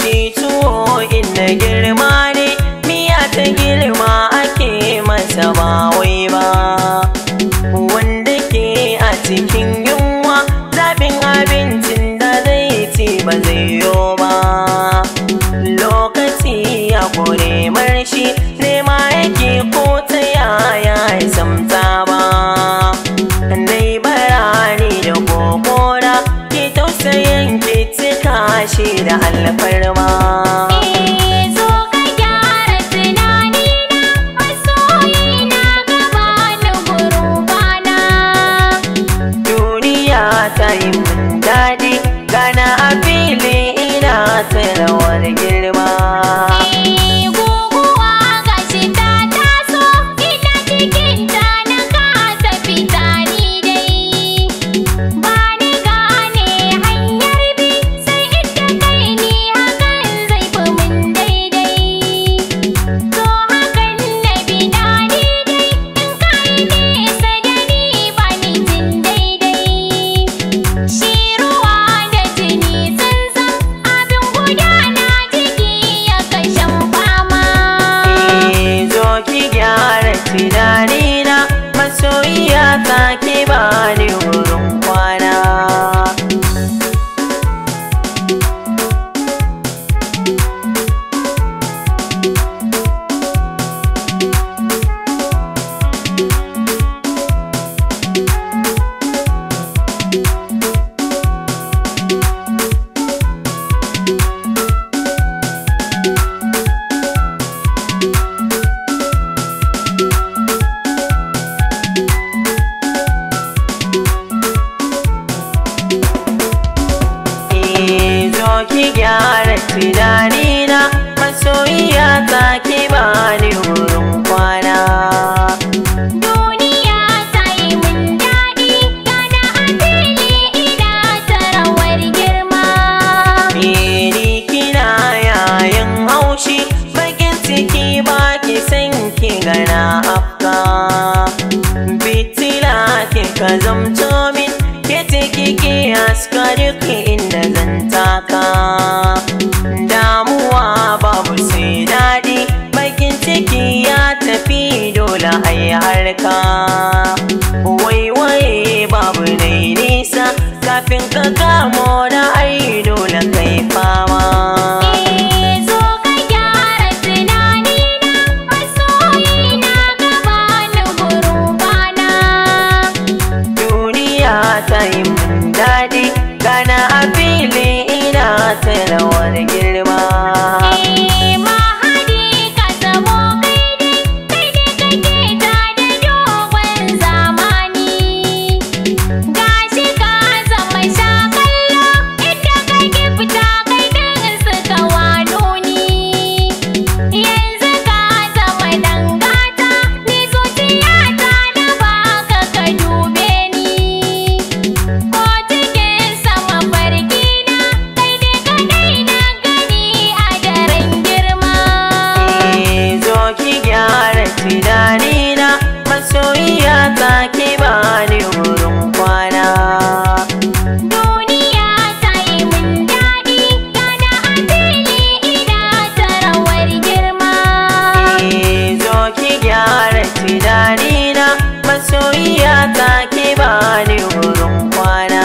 shi tuwo inda girma ne miya ta girma ake masa ba wai ba wanda ke a cikin I feel 他。gyara tunanina masoyiya ta ki bani wurin kwana Tunanina masoyiya ta ki bani wurin kwana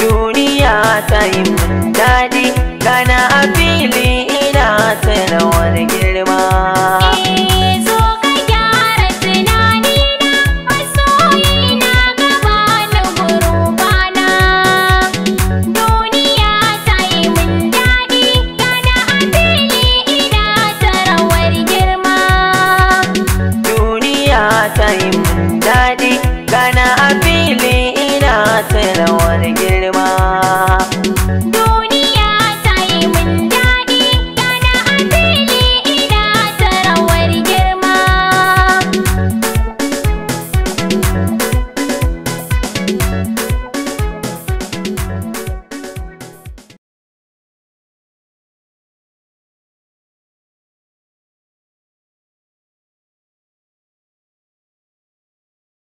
Duniya ta yi mun daɗi gana a fili ina tana wanna get